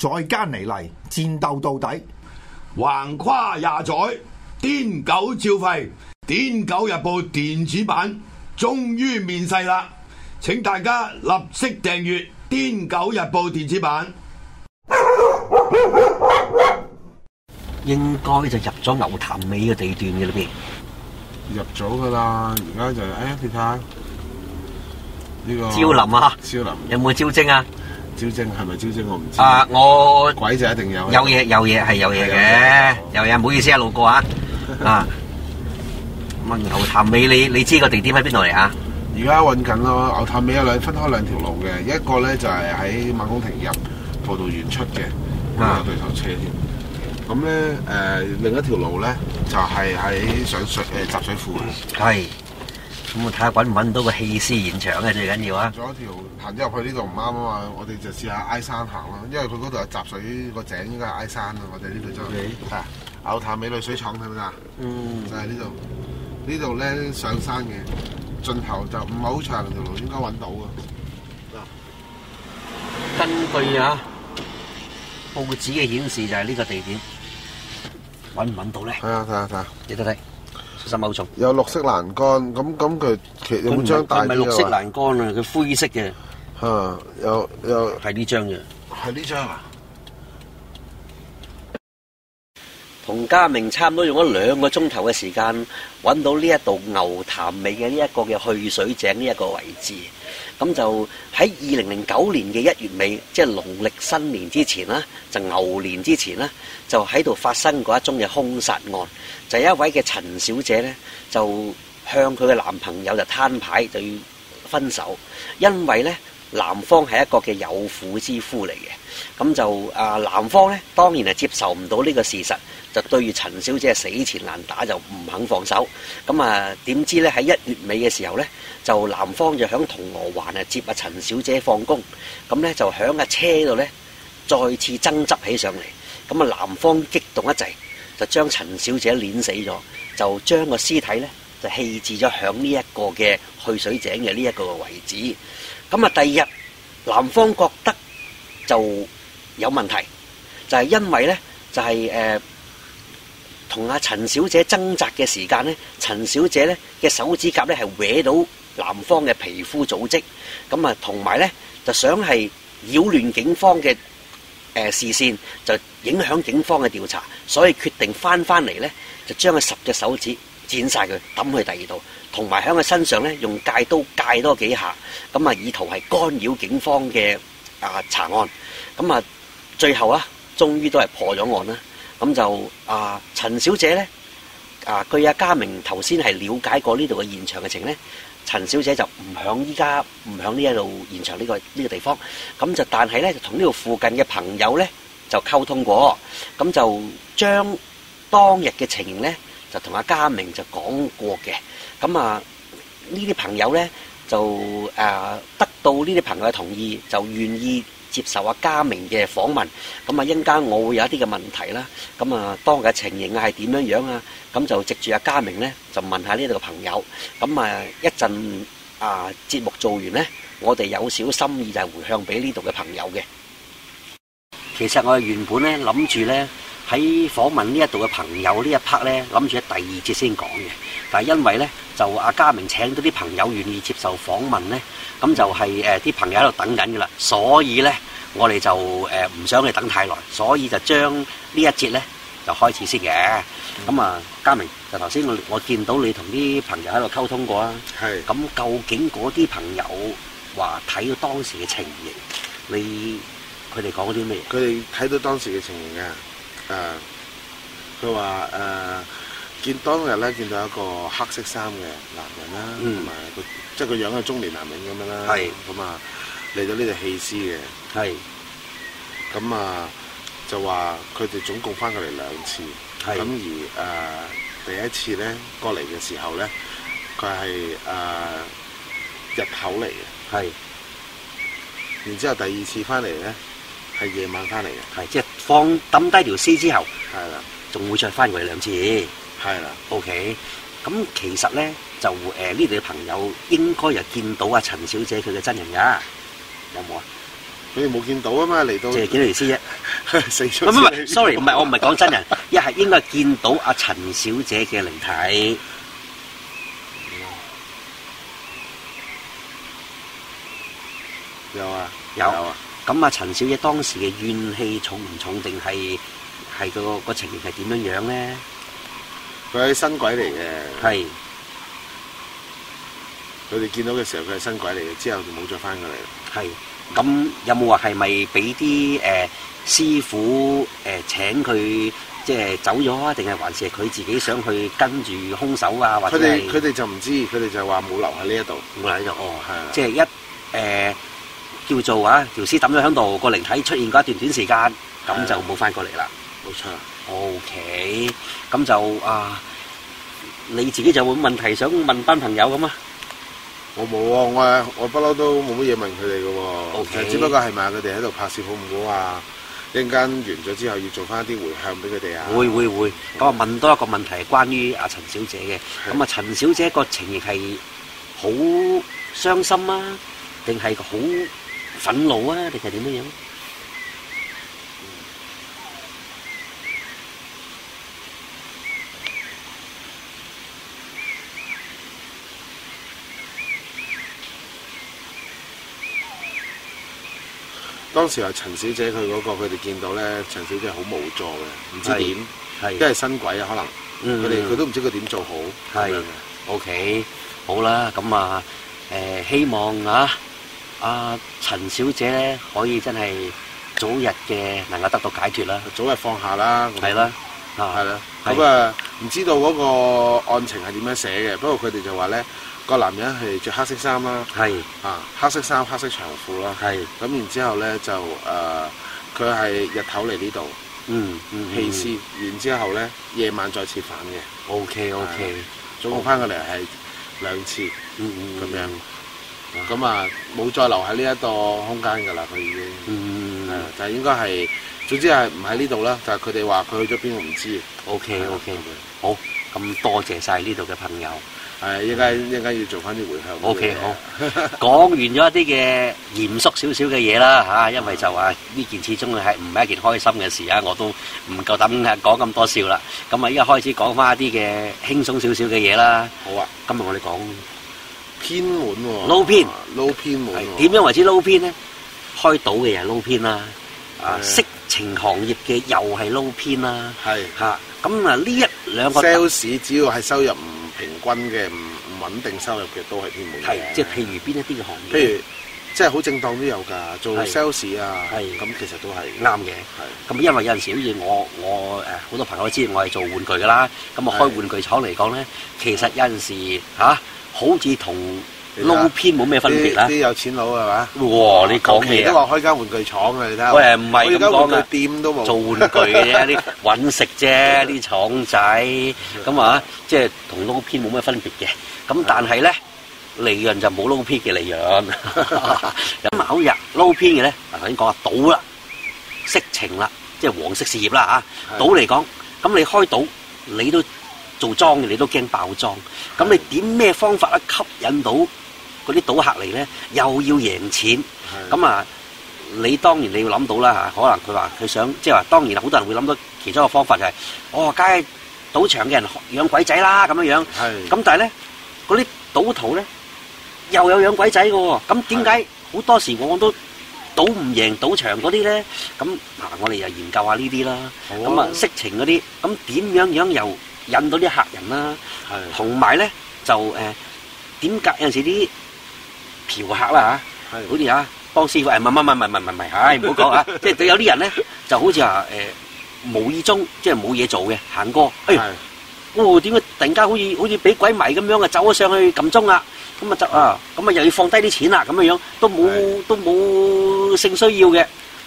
再加尼嚟，戰鬥到底，橫跨廿載，癲狗照吠。癲狗日報電子版終於面世啦！請大家立即訂閱癲狗日報電子版。應該就入咗牛潭尾嘅地段嘅裏邊，入咗噶啦。而家就，誒，你睇下呢個，招林啊，招林，有冇招精啊？招精，係咪招精我唔知啊！我鬼就一定有，有嘢有嘢係有嘢嘅，有嘢唔好意思啊，路過啊啊！問牛潭尾你你知個地點喺邊度嚟啊？而家搵緊咯，牛潭尾有兩分開兩條路嘅，一個咧就係喺孟公亭入，葡萄園出嘅，咁有對頭車添。咁咧誒，另一條路咧就係喺上水誒，集水庫係。咁我睇下搵唔搵到個棄屍現場咧，最緊要啊！仲有條行咗入去呢度唔啱啊嘛，我哋就試下挨山行咯。因為佢嗰度係集水個井，應該係挨山啊。我哋呢度真係啊，牛潭尾濾水廠係咪啊？嗯，就係呢度。呢度咧上山嘅盡頭就唔係好長條路，應該搵到噶。嗱，根據啊報紙嘅顯示，就係呢個地點，搵唔搵到咧？係啊睇下，睇下，記得睇。有綠色欄杆，咁咁佢，咁張唔係綠色欄杆啊，佢灰色嘅，吓，有有係呢張嘅，係呢張啊。同珈名差唔多用咗兩個鐘頭嘅時間，揾到呢一度牛潭尾嘅呢一個嘅去水井呢一個位置。咁就喺二零零九年嘅一月尾，即係農曆新年之前啦，就牛年之前啦，就喺度發生嗰一宗嘅凶殺案，就係、是、一位嘅陳小姐咧，就向佢嘅男朋友就攤牌，就要分手，因為咧。男方係一個嘅有婦之夫嚟嘅，咁就啊，男方呢，當然係接受唔到呢個事實，就對住陳小姐死纏爛打，就唔肯放手。咁啊，點知呢？喺一月尾嘅時候呢，就男方就響銅鑼灣啊接阿陳小姐放工，咁呢，就響架車度呢，再次爭執起上嚟。咁啊，男方激動一滯，就將陳小姐捏死咗，就將個屍體呢，就棄置咗響呢一個嘅去水井嘅呢一個位置。咁啊，第二日，男方覺得就有問題，就係因為咧，就係誒同阿陳小姐掙扎嘅時間咧，陳小姐咧嘅手指甲咧係搲到男方嘅皮膚組織，咁啊，同埋咧就想係擾亂警方嘅誒視線，就影響警方嘅調查，所以決定翻翻嚟咧，就將佢十隻手指。剪晒佢，抌去第二度，同埋響佢身上咧，用戒刀戒多幾下，咁啊，意圖係干擾警方嘅啊、呃、查案。咁啊，最後啊，終於都係破咗案啦。咁就啊、呃，陳小姐咧啊，據阿嘉明頭先係了解過呢度嘅現場嘅情咧，陳小姐就唔響依家唔響呢一度現場呢、這個呢、這個地方。咁就但係咧，就同呢度附近嘅朋友咧就溝通過，咁就將當日嘅情形咧。就同阿嘉明就講過嘅，咁啊，呢啲朋友咧就誒得到呢啲朋友嘅同意，就願意接受阿嘉明嘅訪問。咁啊，因家我會有一啲嘅問題啦。咁啊，當嘅情形係點樣樣啊？咁就藉住阿嘉明咧，就問下呢度嘅朋友。咁啊，一陣啊節目做完咧，我哋有少少心意就係回向俾呢度嘅朋友嘅。其實我原本咧諗住咧。喺訪問呢一度嘅朋友這一呢一 part 咧，諗住喺第二節先講嘅。但係因為咧，就阿、啊、珈名請到啲朋友願意接受訪問咧，咁就係、是、啲、呃、朋友喺度等緊嘅啦。所以咧，我哋就誒唔、呃、想佢等太耐，所以就將呢一節咧就開始先嘅。咁、嗯、啊，珈名，就頭先我我見到你同啲朋友喺度溝通過啊。係是。咁究竟嗰啲朋友話睇到當時嘅情形，你佢哋講啲咩？佢哋睇到當時嘅情形啊。誒，佢話誒，見當日咧見到一個黑色衫嘅男人啦，同埋佢，即係佢樣係中年男人咁樣啦，咁是啊嚟到呢度棄屍嘅，咁是啊就話佢哋總共翻過嚟兩次，咁是而誒、啊、第一次咧過嚟嘅時候咧，佢係誒日頭嚟嘅，是然之後第二次翻嚟咧。係夜晚翻嚟嘅，係即係放抌低條屍之後，係啦，仲會再翻過嚟兩次，係啦，OK。咁其實咧就誒呢度嘅朋友應該又見到阿陳小姐佢嘅真人噶，有冇啊？佢哋冇見到啊嘛，嚟到即係見到條屍啫，唔唔唔，sorry，唔係我唔係講真人，一係應該係見到阿陳小姐嘅靈體。有啊，有啊。咁啊，陳小姐當時嘅怨氣重唔重，定係係個個情形係點樣樣咧？佢係新鬼嚟嘅。係。佢哋見到嘅時候，佢係新鬼嚟嘅，之後就冇再返過嚟啦。係。咁有冇話係咪俾啲誒師傅誒、呃、請佢即係走咗啊？定係還是係佢自己想去跟住兇手啊？佢哋或者佢哋就唔知，佢哋就話冇留喺呢一度。冇喺度，哦，係。即係一誒。呃叫做啊，條屍抌咗喺度，個靈體出現嗰一段短時間，咁就冇翻過嚟啦。冇錯，OK，咁就啊，你自己就有冇問題想問班朋友咁啊？我冇啊，我我不嬲都冇乜嘢問佢哋㗎喎。OK，其實只不過係咪啊？佢哋喺度拍攝好唔好啊？一陣間完咗之後要做翻一啲回向俾佢哋啊。會會會，咁啊問多一個問題係關於阿陳小姐嘅。咁啊，陳小姐個情形係好傷心啊，定係好？粉路啊，定係點樣？當時係陳小姐佢嗰個，佢哋見到咧，陳小姐好無助嘅，唔知點，因為新鬼啊，可能佢哋佢都唔知佢點做好。係，OK，好啦，咁啊，誒，希望啊～阿陳小姐咧，可以真係早日嘅能夠得到解決啦，早日放下啦，係啦，啊，係啦。咁啊，唔知道嗰個案情係點樣寫嘅，不過佢哋就話咧，個男人係着黑色衫啦，係啊，黑色衫、黑色長褲啦，係咁。然之後咧就誒，佢係日頭嚟呢度，嗯嗯，棄屍。然之後咧，夜晚再次返嘅，O K O K。總共翻過嚟係兩次，嗯嗯，咁樣。咁啊，冇、嗯嗯、再留喺呢一個空間噶啦，佢已經，嗯、就係、是、應該係，總之係唔喺呢度啦。就係佢哋話佢去咗邊，我唔知。OK，OK，好，咁多謝晒呢度嘅朋友。係，應該應該要做翻啲回響。OK，好，講 完咗一啲嘅嚴肅少少嘅嘢啦，吓，因為就話呢件始終係唔係一件開心嘅事啊，我都唔夠膽講咁多笑啦。咁啊，依家開始講翻一啲嘅輕鬆少少嘅嘢啦。好啊，今日我哋講。偏門喎，撈偏，撈偏門喎。點樣為之撈偏咧？開賭嘅又撈偏啦，啊，色情行業嘅又係撈偏啦。係，吓咁啊，呢一兩個 sales 只要係收入唔平均嘅，唔唔穩定收入嘅都係偏門嘅。係，即係譬如邊一啲嘅行業？譬如，即係好正當都有噶，做 sales 啊，咁其實都係啱嘅。係，咁因為有陣時好似我我誒，好多朋友知我係做玩具噶啦，咁啊開玩具廠嚟講咧，其實有陣時吓。好似同撈片冇咩分別啦，啲有錢佬係嘛？哇！你講嘅都話開間玩具廠嘅，你睇下。我係唔係咁講啊？做玩具嘅啫，啲揾食啫，啲廠仔咁啊，即係同撈片冇咩分別嘅。咁但係咧，利潤就冇撈片嘅利潤。咁某日撈片嘅咧，嗱，先講下賭啦、色情啦，即係黃色事業啦嚇。賭嚟講，咁你開賭，你都做莊嘅的你都驚，爆莊，咁你點咩方法咧吸引到嗰啲賭客嚟咧？又要贏錢，咁的啊，你當然你要諗到啦嚇。可能佢話佢想，即係話當然好多人會諗到其中一個方法就係、是，哦，梗係賭場嘅人養鬼仔啦咁樣樣。咁的但係咧，嗰啲賭徒咧又有養鬼仔嘅喎。咁點解好多時候我都賭唔贏賭場嗰啲咧？咁嗱，我哋又研究下呢啲啦。咁啊，啊，色情嗰啲，咁點樣樣又？引到啲客人啦、啊，同埋咧就誒、呃、點解有陣時啲嫖客啦、啊、的好似啊幫師傅誒唔唔唔唔唔唔唔係唔好講啊，即係有啲人咧就好似話誒無意中即係冇嘢做嘅行哥，哎呀是的 哦點解突然間好似好似俾鬼迷咁樣啊走咗上去撳鍾啦，咁啊就啊咁啊又要放低啲錢啦咁樣樣，都冇是的 都冇性需要嘅，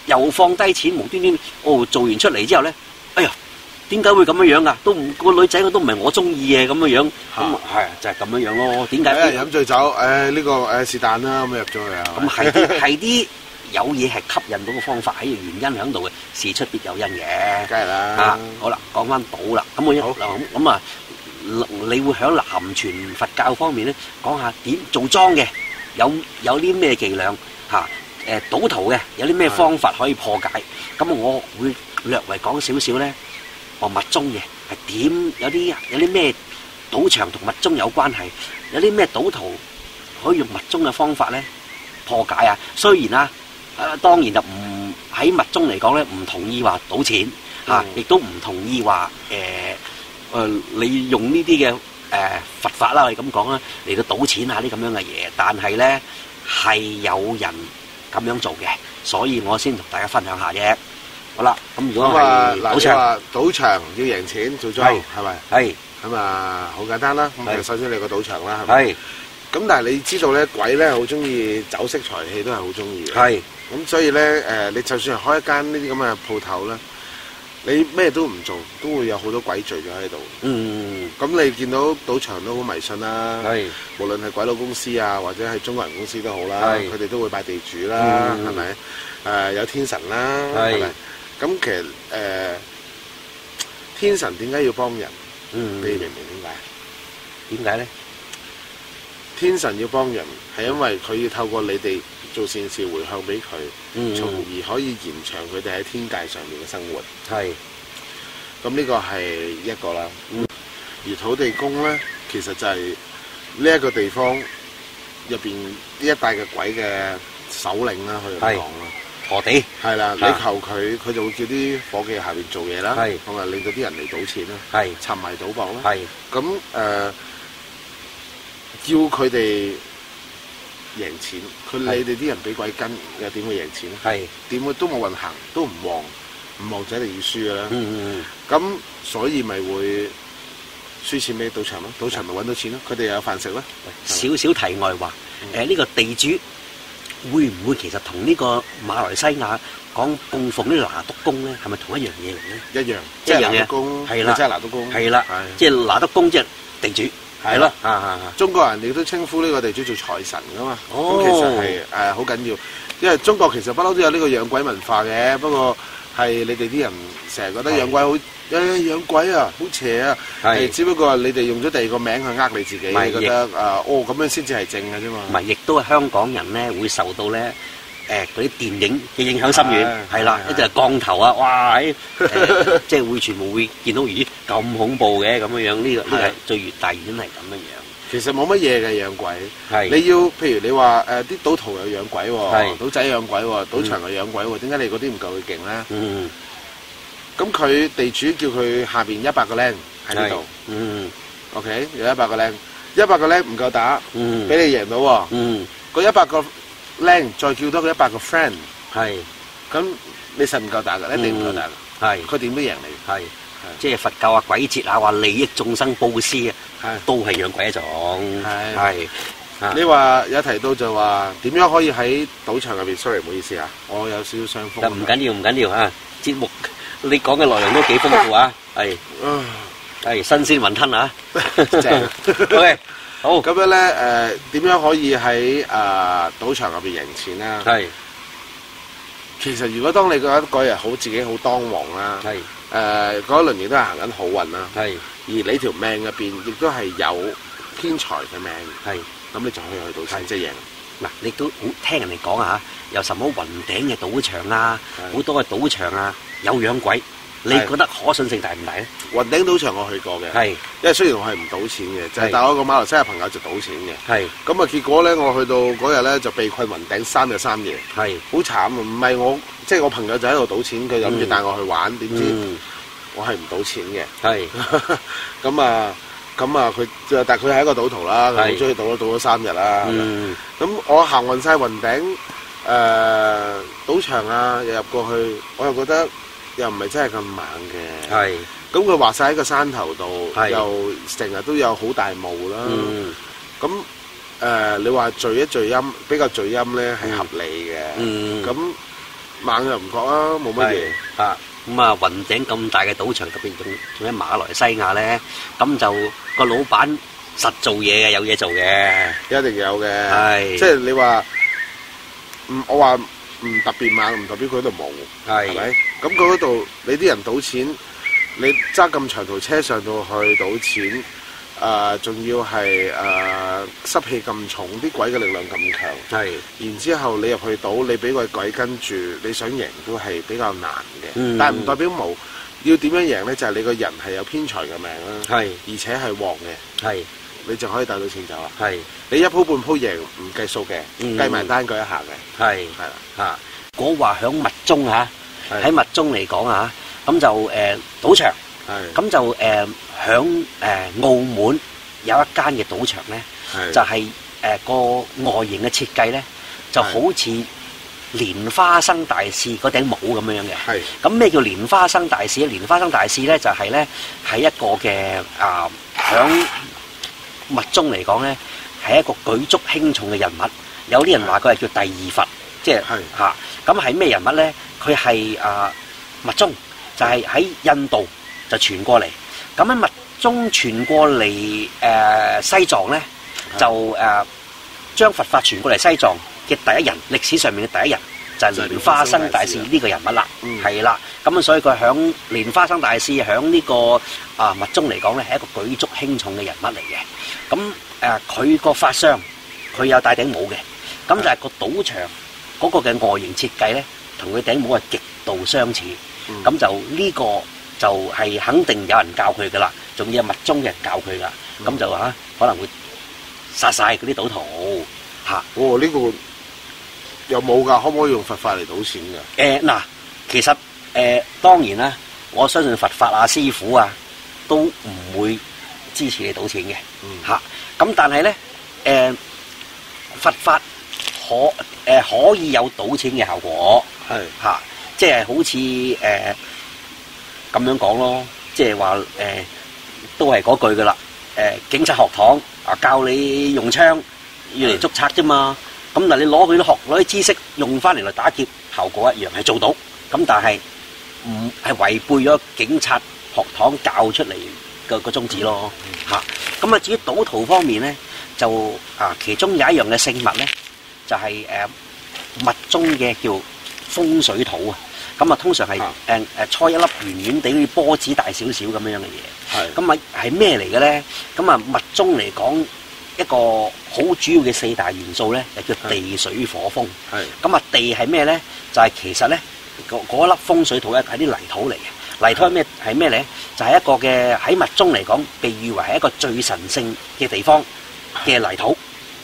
又放低錢無端端哦做完出嚟之後咧，哎呀！點解會咁樣樣噶？都唔個女仔，我都唔係我中意嘅咁樣樣。咁係就係咁樣樣咯。點解？誒，飲醉酒，誒呢個誒是但啦，咁入咗去啊。咁係啲係啲有嘢係吸引到個方法，喺原因響度嘅，事出必有因嘅。梗係啦。啊，好啦，講翻賭啦。咁我一嗱咁咁啊，你會響南傳佛教方面咧，講下點做莊嘅？有有啲咩伎倆？吓，誒，賭徒嘅有啲咩方法可以破解？咁我會略為講少少咧。哦，密宗嘅係點？有啲有啲咩賭場同密宗有關係？有啲咩賭徒可以用密宗嘅方法咧破解啊？雖然啦、啊，誒、呃，當然就唔喺密宗嚟講咧，唔同意話賭錢吓，亦都唔同意話誒誒，你用呢啲嘅誒佛法啦，係咁講啊，嚟到賭錢啊啲咁樣嘅嘢，但係咧係有人咁樣做嘅，所以我先同大家分享一下啫。好啦，咁如果係咁啊，嗱，就話賭場要贏錢做咗係咪？係咁啊，好簡單啦。咁就首先你個賭場啦，係咪？咁但係你知道咧，鬼咧好中意酒色財氣，都係好中意嘅。係咁，所以咧誒，你就算係開一間呢啲咁嘅鋪頭啦，你咩都唔做，都會有好多鬼聚咗喺度。嗯嗯嗯。咁你見到賭場都好迷信啦，係無論係鬼佬公司啊，或者係中國人公司都好啦，佢哋都會拜地主啦，係咪？誒，有天神啦，係咪？咁其實誒，天神點解要幫人？你明唔明點解？點解咧？天神要幫人係、嗯、因為佢要透過你哋做善事回向俾佢，從、嗯、而可以延長佢哋喺天界上面嘅生活。係是。咁呢個係一個啦。嗯、而土地公咧，其實就係呢一個地方入邊呢一帶嘅鬼嘅首領啦，去嚟講啦。何地係啦，你求佢，佢就會叫啲伙計下邊做嘢啦，咁啊令到啲人嚟賭錢啦，沉迷賭博啦，咁誒要佢哋贏錢，佢你哋啲人俾鬼跟，又點會贏錢咧？點會都冇運行，都唔旺，唔旺仔嚟要輸嘅啦。咁所以咪會輸錢俾賭場咯，賭場咪搵到錢咯，佢哋又有飯食咯。少少題外話，誒呢個地主。會唔會其實同呢個馬來西亞講供奉啲拿督公咧，係咪同一樣嘢嚟咧？一樣，即係拿督公，係啦，即係拿督公，係啦，即係拿督公即係地主，係啦啊啊啊！中國人亦都稱呼呢個地主做財神噶嘛，咁其實係誒好緊要，因為中國其實不嬲都有呢個養鬼文化嘅，不過係你哋啲人成日覺得養鬼好。誒養鬼啊，好邪啊！係，只不過係你哋用咗第二個名去呃你自己，覺得啊，哦咁樣先至係正嘅啫嘛。唔係，亦都係香港人咧，會受到咧誒嗰啲電影嘅影響深遠，係啦，一就係降頭啊，哇！即係會全部會見到，咦咁恐怖嘅咁樣樣，呢個係最越大原因係咁樣樣。其實冇乜嘢嘅養鬼，係你要譬如你話誒啲賭徒又養鬼喎，賭仔養鬼喎，賭場又養鬼喎，點解你嗰啲唔夠佢勁咧？嗯。咁佢地主叫佢下邊一百個靚喺呢度，嗯，OK，有一百個靚，一百個靚唔夠打，嗯，俾你贏到，嗯，個一百個靚再叫多佢一百個 friend，係，咁你實唔夠打噶，一定唔夠打噶，係，佢點都贏你，係，即係佛教啊，鬼節啊，話利益眾生布施啊，都係養鬼一種，係，你話有提到就話點樣可以喺賭場入邊，sorry，唔好意思啊，我有少少傷風，唔緊要，唔緊要啊，節目。你講嘅內容都幾豐富啊，係，係新鮮雲吞啊，正，OK，好咁樣咧，誒，點樣可以喺誒賭場入邊贏錢咧？係，其實如果當你覺得嗰日好，自己好當王啦，係，誒，嗰一輪亦都係行緊好運啦，係，而你條命入邊亦都係有天才嘅命，係，咁你就可以去到真真贏。嗱，你都好聽人哋講啊，有什麼雲頂嘅賭場啊，好是多嘅賭場啊，有養鬼，你覺得可信性大唔大咧？是雲頂賭場我去過嘅，是因為雖然我係唔賭錢嘅，就係帶我一個馬來西亞朋友就賭錢嘅，咁啊是結果咧，我去到嗰日咧就被困雲頂三日三夜，係好是慘啊！唔係我即係、就係、我朋友就喺度賭錢，佢諗住帶我去玩，點、嗯、知我係唔賭錢嘅，係咁是 啊。咁啊，佢就但佢係一個賭徒啦，佢中意賭啦，賭咗是三日啦。咁、嗯、我行運晒雲頂誒賭場啊，又入過去我又覺得又唔係真係咁猛嘅。咁佢話晒喺個山頭度，是又成日都有好大霧啦。咁誒、嗯呃，你話聚一聚陰比較聚陰咧，係合理嘅。咁、嗯嗯、猛又唔覺啦，冇乜嘢咁啊、嗯，雲頂咁大嘅賭場，特別仲仲喺馬來西亞咧，咁就個老闆實做嘢嘅，有嘢做嘅，一定有嘅，即係是你話唔，我話唔特別猛，唔代表佢喺度冇，係咪？咁佢嗰度你啲人賭錢，你揸咁長途車上到去賭錢。誒，仲要係誒濕氣咁重，啲鬼嘅力量咁強，係。然之後你入去賭，你俾個鬼跟住，你想贏都係比較難嘅。嗯。但係唔代表冇，要點樣贏咧？就係你個人係有偏財嘅命啦。係。而且係旺嘅。係。你就可以帶到錢走啊？係。你一鋪半鋪贏，唔計數嘅，計埋單據一下嘅。係。係啦。嚇！我話喺密中嚇，喺密中嚟講嚇，咁就誒賭場。咁是就誒，響誒澳門有一間嘅賭場咧，是的 就係誒個外形嘅設計咧，就好似蓮花生大師嗰頂帽咁樣嘅。咁咩叫蓮花生大師咧？蓮花生大師咧就係咧喺一個嘅啊，響、呃、密宗嚟講咧係一個舉足輕重嘅人物。有啲人話佢係叫第二佛，即係吓，咁係咩人物咧？佢係啊密宗，就係、是、喺印度。就傳過嚟，咁喺密宗傳過嚟誒、呃、西藏咧，就誒將、呃、佛法傳過嚟西藏嘅第一人，歷史上面嘅第一人就係、是、蓮花生大師呢個人物啦，係啦、嗯，咁啊所以佢響蓮花生大師響、這個呃、呢個啊密宗嚟講咧係一個舉足輕重嘅人物嚟嘅，咁誒佢個法相，佢有戴頂帽嘅，咁就係個賭場嗰個嘅外形設計咧，同佢頂帽係極度相似，咁、嗯、就呢、這個。就係肯定有人教佢噶啦，仲要係密宗嘅人教佢噶，咁就話可能會殺晒嗰啲賭徒吓。哇！呢個又冇噶，可唔可以用佛法嚟賭錢噶？誒，嗱，其實誒，當然啦，我相信佛法啊，師傅啊，都唔會支持你賭錢嘅吓。咁但係咧，誒，佛法可誒可以有賭錢嘅效果，係吓，即係好似誒。咁樣講咯，即係話誒，都係嗰句㗎喇，誒、呃、警察學堂啊，教你用槍要嚟捉賊啫嘛。咁但是的，你攞佢啲學嗰啲知識用翻嚟嚟打劫，效果一樣係做到。咁但係唔係違背咗警察學堂教出嚟嘅、個宗旨咯嚇。咁啊的，至於賭徒方面咧，就啊其中有一樣嘅聖物咧，就係、是、誒、啊、物中嘅叫風水土啊。咁啊，通常係誒誒，搓一粒圓圓地，好似波子大少少咁樣樣嘅嘢。係，咁啊係咩嚟嘅咧？咁啊，密宗嚟講一個好主要嘅四大元素咧，就叫地水火風。係，咁啊，地係咩咧？就係其實咧，嗰嗰粒風水土咧係啲泥土嚟嘅。泥土咩係咩咧？就係一個嘅喺密宗嚟講，被譽為係一個最神聖嘅地方嘅泥土。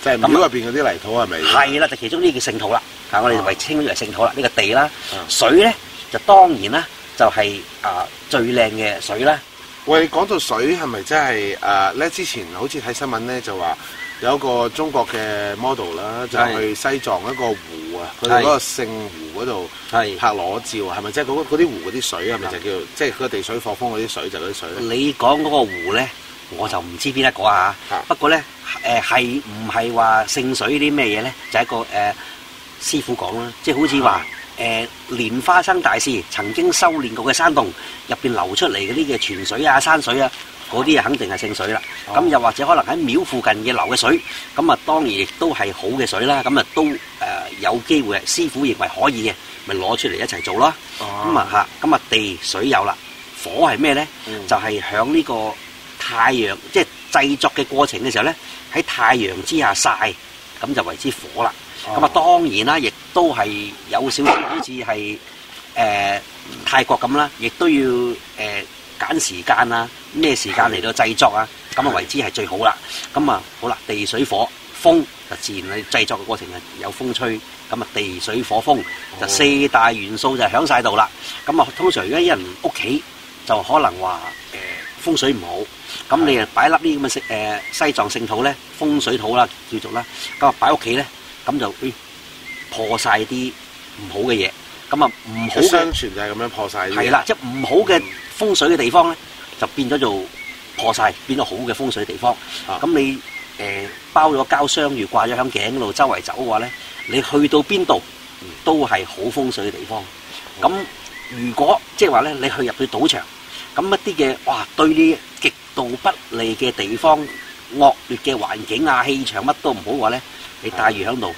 就係廟入邊嗰啲泥土係咪？係啦，就其中呢啲叫聖土啦。啊、我哋為稱佢為聖土啦，呢、這個地啦，水咧就當然啦，就係、是、啊、呃、最靚嘅水啦。喂，講到水係咪即係啊？咧、呃、之前好似睇新聞咧，就話有一個中國嘅 model 啦，就去西藏一個湖啊，佢哋嗰個聖湖嗰度係拍裸照，係咪即係嗰啲湖嗰啲水係咪就叫即係嗰個地水火風嗰啲水就嗰、是、啲水，你講嗰個湖咧，我就唔知邊一個啊！是不過咧，係唔係話聖水啲咩嘢咧？就係、是、一個、呃師傅講啦，即係好似話誒，的蓮花生大師曾經修煉過嘅山洞入邊流出嚟嗰啲嘅泉水啊、山水啊，嗰啲啊肯定係聖水啦。咁、哦、又或者可能喺廟附近嘅流嘅水，咁啊當然亦都係好嘅水啦。咁啊都誒有機會，師傅認為可以嘅，咪攞出嚟一齊做咯。咁啊嚇，咁啊地水有啦，火係咩咧？嗯、就係響呢個太陽即係製作嘅過程嘅時候咧，喺太陽之下曬，咁就為之火啦。咁啊，當然啦，亦都係有少少好似係誒泰國咁啦，亦都要誒揀、呃、時間啊，咩時間嚟到製作啊？咁啊的為之係最好啦。咁啊的好啦，地水火風就自然係製作嘅過程係有風吹，咁啊地水火風就四大元素就響晒度啦。咁啊通常而家一人屋企就可能話誒風水唔好，咁的你啊擺粒呢咁嘅誒西藏聖土咧，風水土啦叫做啦，咁啊擺屋企咧。咁就破曬啲唔好嘅嘢，咁啊唔好嘅傳就係咁樣破曬。係啦，即係唔好嘅風水嘅地方咧，就變咗做破曬，變咗好嘅風水地方。咁你誒包咗膠雙魚掛咗喺頸度周圍走嘅話咧，你去到邊度都係好風水嘅地方。咁如果即係話咧，你去入去賭場，咁一啲嘅哇對你極度不利嘅地方。惡劣嘅環境啊，氣場乜都唔好嘅話咧，你帶住喺度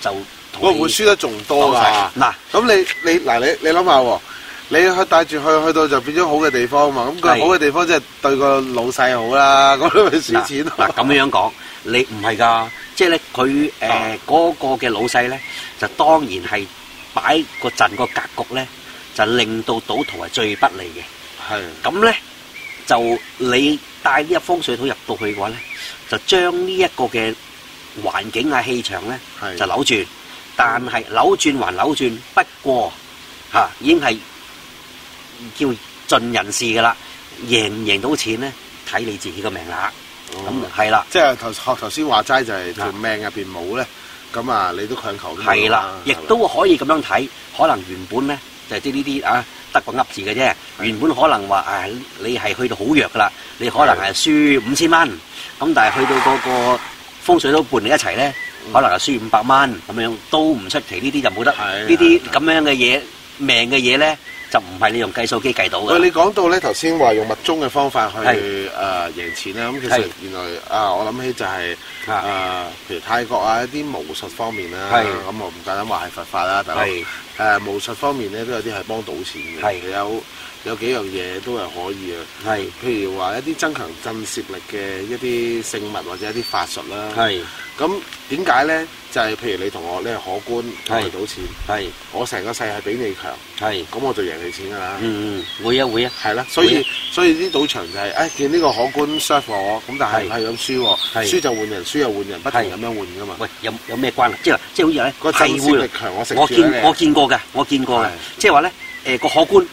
就，會唔會輸得仲多噶。嗱，咁你你嗱你你諗下喎，你去帶住去去到就變咗好嘅地方嘛，咁佢好嘅地方即係對個老細好啦，咁你咪輸錢。嗱咁樣講，你唔係噶，即係咧佢誒嗰個嘅老細咧，就當然係擺個陣個格局咧，就令到賭徒係最不利嘅。係咁咧。就你帶呢一方水土入到去嘅話咧，就將呢一個嘅環境啊氣場咧就扭轉，但係扭轉還扭轉，不過嚇、啊、已經係叫盡人事嘅啦，贏唔贏到錢咧，睇你自己嘅命額。咁啊、嗯，係啦，即係頭學頭先話齋就係、是、條命入邊冇咧，咁啊的你都強求。係啦的，的亦都可以咁樣睇，的可能原本咧就係即呢啲啊。得個噏字嘅啫，原本可能話誒，你係去到好弱㗎啦，你可能係輸五千蚊，咁但係去到嗰個風水佬伴你一齊咧，可能係輸五百蚊咁樣，都唔出奇。呢啲就冇得，呢啲咁樣嘅嘢命嘅嘢咧，就唔係你用計數機計到嘅。喂！你講到咧頭先話用密宗嘅方法去誒贏錢啦，咁其實原來啊，我諗起就係。啊，譬如泰國啊，一啲巫術方面啦，咁是我唔簡單話係佛法啦，但係誒巫術方面咧都有啲係幫賭錢嘅。是有有幾樣嘢都係可以嘅。係是，譬如話一啲增強震懾力嘅一啲聖物或者一啲法術啦。係是，咁點解咧？就係譬如你同我咧，可觀攞嚟賭錢，係我成個世係比你強，係咁我就贏你錢㗎啦。嗯嗯，會啊會啊，係啦。所以所以啲賭場就係誒見呢個可觀 serve 我，咁但係係咁輸喎，輸就換人，輸又換人，不停咁樣換㗎嘛。喂，有有咩關啊？即係即係好似咧，係會強我我見我見過嘅，我見過嘅。即係話咧個可觀，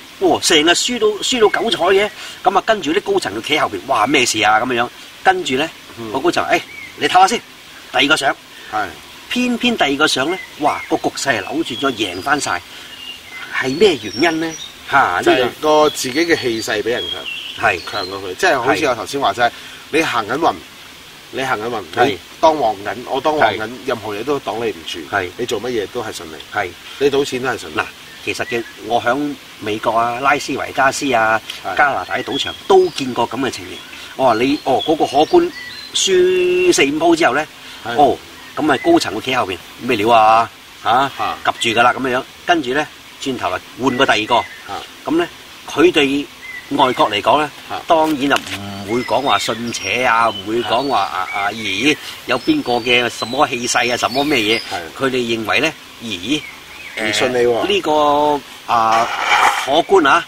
成日輸到輸到九彩嘅，咁啊跟住啲高層就企後邊，哇咩事啊咁樣樣。跟住咧，個高層誒你睇下先，第二個相。偏偏第二個相咧，哇個局勢扭轉咗，贏翻曬，係咩原因咧？嚇，就係個自己嘅氣勢俾人強，係強是過佢，即係好似我頭先話齋，你行緊運，你行緊運，你當黃銀，我當黃銀，是任何嘢都擋你唔住，是你做乜嘢都係順利，是你賭錢都係順。嗱，其實嘅我喺美國啊、拉斯維加斯啊、加拿大啲賭場都見過咁嘅情形。我話你，哦嗰、那個可觀輸四五鋪之後咧，是哦。咁咪高層會企喺後邊咩料啊？嚇，及住噶啦咁樣，跟住咧轉頭啊，換個第二個。咁咧，佢哋外國嚟講咧，當然就唔會講話順扯信邪啊，唔會講話啊啊，咦，有邊個嘅什麼氣勢啊，什麼咩嘢？佢哋認為咧，咦，唔信你喎呢個啊，可觀啊，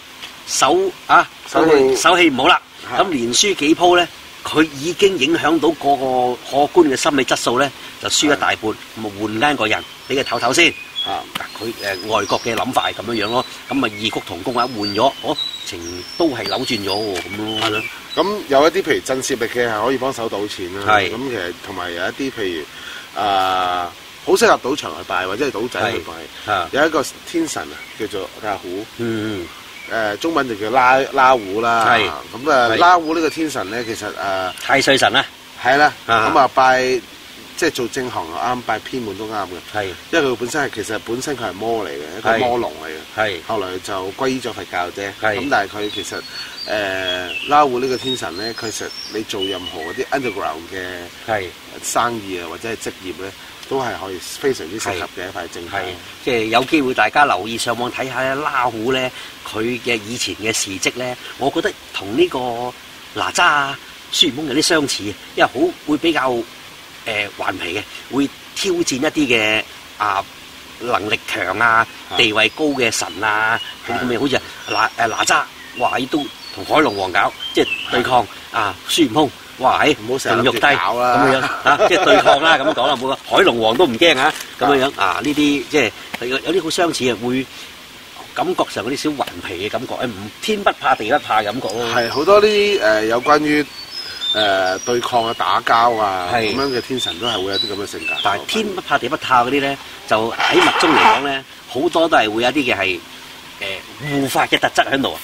手啊手，手氣唔好啦，咁連輸幾鋪咧。佢已經影響到嗰個客官嘅心理質素咧，就輸一大半，咪換間個人俾佢唞唞先。啊，嗱，佢誒外國嘅諗法係咁樣樣咯，咁咪異曲同工啊，換咗，哦情都係扭轉咗喎，咁咯。係咯，咁有一啲譬如震懾力嘅係可以幫手賭錢啦。係。咁其實同埋有一啲譬如啊，好適合賭場去拜，或者係賭仔去拜。係。啊，有一個天神啊，叫做阿虎。嗯。誒、呃、中文就叫拉拉胡啦，咁啊拉胡呢個天神咧，其實誒、呃、太歲神啦，係啦、啊，咁啊拜即係、就是、做正行又啱，拜偏門都啱嘅，係是，因為佢本身係其實本身佢係魔嚟嘅，一個是魔龍嚟嘅，係是，後嚟就皈依咗佛教啫，咁是但係佢其實誒、呃、拉胡呢個天神咧，其實你做任何啲 underground 嘅生意啊是或者係職業咧，都係可以非常之適合嘅一塊正係，即係有機會大家留意上網睇下咧，哪吒咧佢嘅以前嘅事跡咧，我覺得同呢個哪吒、啊，孫悟空有啲相似，因為好會比較誒頑、呃、皮嘅，會挑戰一啲嘅啊能力強啊地位高嘅神啊，咁樣的好似啊哪誒哪吒，話都同海龍王搞即係、就是、對抗的啊孫悟空。哇！唉喂，唔好成日同玉帝搞啦，咁樣、啊、即係對抗啦，咁 樣講啦，冇啦。海龍王都唔驚啊，咁樣啊，呢啲即係有啲好相似嘅，會感覺上嗰啲小頑皮嘅感覺，誒唔天不怕地不怕感覺咯。係好多啲誒、呃、有關於誒、呃、對抗打啊打交啊咁樣嘅天神都係會有啲咁嘅性格。但係天不怕地不怕嗰啲咧，就喺物中嚟講咧，好、啊、多都係會有啲嘅係誒護法嘅特質喺度。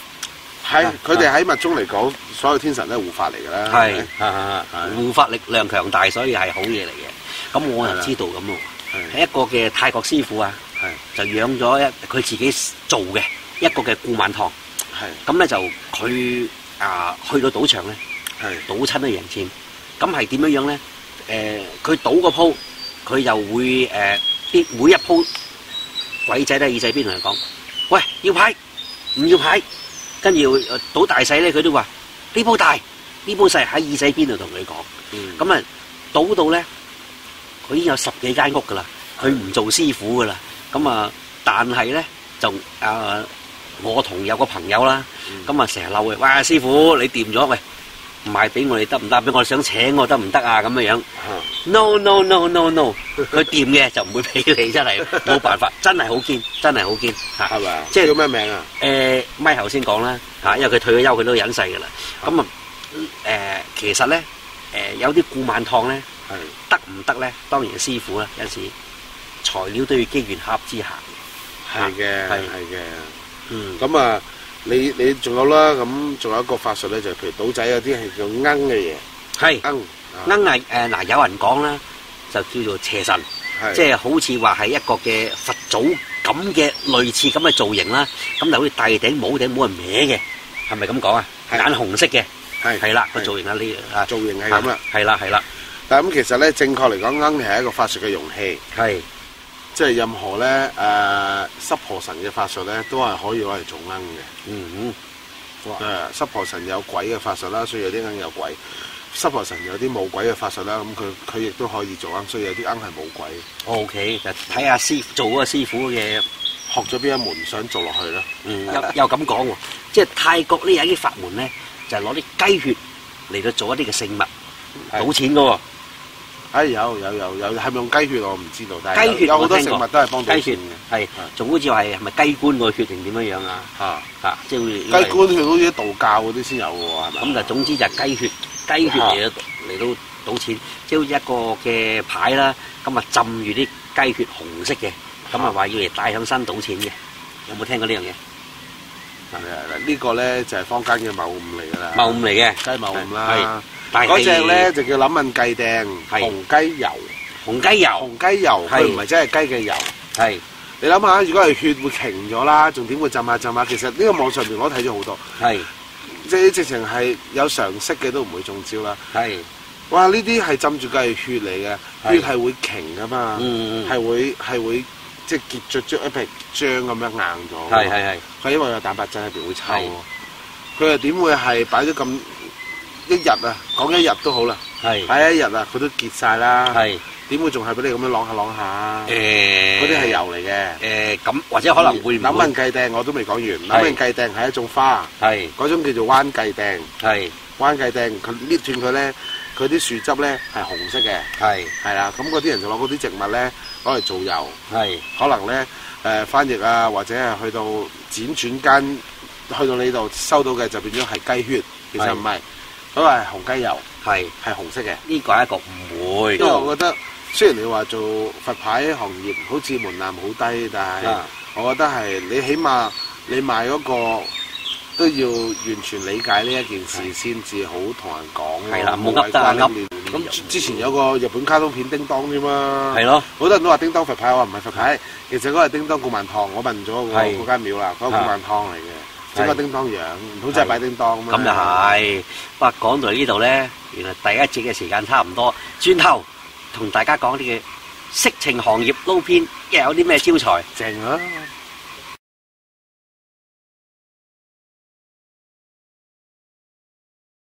係，佢哋喺密宗嚟講，所有天神都係護法嚟㗎啦。係，護法力量強大，所以係好嘢嚟嘅。咁我又知道咁喎。一個嘅泰國師傅啊，就養咗一佢自己做嘅一個嘅古曼童。係。咁咧就佢啊去到賭場咧，賭親都贏錢。咁係點樣樣咧？誒，佢賭個鋪，佢又會誒必每一鋪鬼仔咧耳仔邊同人講：喂，要牌唔要牌？跟住會賭大細咧，佢都話呢鋪大，呢鋪細，喺耳仔邊度同佢講。咁啊，賭到咧，佢已經有十幾間屋噶啦。佢唔做師傅噶啦。咁啊，但係咧就啊，我同有個朋友啦，咁啊成日嬲佢。喂，師傅，你掂咗喂？唔賣俾我哋得唔得？俾我哋想請我得唔得啊？咁樣樣、嗯、，no no no no no，佢掂嘅就唔會俾你真係，冇辦法， 真係好堅，真係好堅，係咪啊？叫咩即名啊？誒、呃，咪頭先講啦，吓，因為佢退咗休，佢都隱世噶啦。咁啊、嗯，誒、呃，其實咧，誒、呃，有啲固萬燙咧，係得唔得咧？當然係師傅啦，有時材料都要機緣合之下。係嘅的，係嘅、啊，嗯。咁啊。你你仲有啦，咁仲有一個法術咧，就係譬如賭仔有啲係叫罌嘅嘢，係罌罌係誒嗱，有人講啦，就叫做邪神，即係好似話係一個嘅佛祖咁嘅類似咁嘅造型啦。咁就，好似戴頂帽頂帽啊，歪嘅，係咪咁講啊？眼紅色嘅，係啦個造型啊，你啊造型係咁啦，係啦係啦。但係咁其實咧正確嚟講，罌係一個法術嘅容器，係。即係任何咧誒濕婆神嘅法術咧，都係可以攞嚟做奀嘅。嗯哇嗯，誒濕婆神有鬼嘅法術啦，所以有啲奀有鬼；濕婆神有啲冇鬼嘅法術啦，咁佢佢亦都可以做奀，所以有啲奀係冇鬼。OK，就睇下師做嗰個師傅嘅學咗邊一門，想做落去啦。嗯，吧又又咁講喎，即係泰國呢有啲法門咧，就係攞啲雞血嚟到做一啲嘅聖物，的賭錢噶喎。哎有有有有，係咪用雞血我唔知道，但係雞血有好多食物都係放雞血嘅，係仲好似話係咪雞冠個血定點樣啊？吓吓，即係雞冠血好似道教嗰啲先有喎，係嘛？咁但係總之就係雞血雞血嚟到嚟到賭錢，即係好似一個嘅牌啦，咁啊浸住啲雞血紅色嘅，咁啊話要嚟帶上身賭錢嘅，有冇聽過呢樣嘢？嗱嗱，呢個咧就係坊間嘅謬誤嚟噶啦，謬誤嚟嘅雞謬誤啦。嗰隻咧就叫諗問計定紅雞油，紅雞油，紅雞油，佢唔係真係雞嘅油。係你諗下，如果係血會擎咗啦，仲點會浸下浸下。其實呢個網上邊我都睇咗好多，係即係直情係有常識嘅都唔會中招啦。係哇，呢啲係浸住雞嘅血嚟嘅，血係會擎噶嘛，係會係會即係結着一皮漿咁樣硬咗。係係係，佢因為有蛋白質入邊會臭。佢又點會係擺咗咁？一日啊，講一日都好啦，係一日啊，佢都結曬啦。點會仲係俾你咁樣晾下晾下？嗰啲係油嚟嘅。咁或者可能會冧文計訂我都未講完。冧文計訂係一種花，嗰種叫做彎計訂。彎計訂佢搣斷佢咧，佢啲樹汁咧係紅色嘅。係啦，咁嗰啲人就攞嗰啲植物咧攞嚟做油。可能咧誒翻譯啊，或者係去到輾轉間去到呢度收到嘅就變咗係雞血，其實唔係。佢係紅雞油，係係是紅色嘅。呢個係一個誤會，因為我覺得雖然你話做佛牌行業好似門檻好低，是的但係我覺得係你起碼你賣嗰個都要完全理解呢一件事先至好同人講咯。冇噏但噏咁，之前有一個日本卡通片叮當啫嘛。係咯的。好的多人都話叮當佛牌，我話唔係佛牌，其實嗰個係叮當古曼童。我問咗嗰嗰間廟啦，嗰個古曼童嚟嘅。整個是叮噹樣，是唔好即係擺叮噹咁啊！咁又係，講吧到呢度咧，原來第一節嘅時間差唔多，轉頭同大家講啲嘅色情行業撈片，又有啲咩招財？正啊！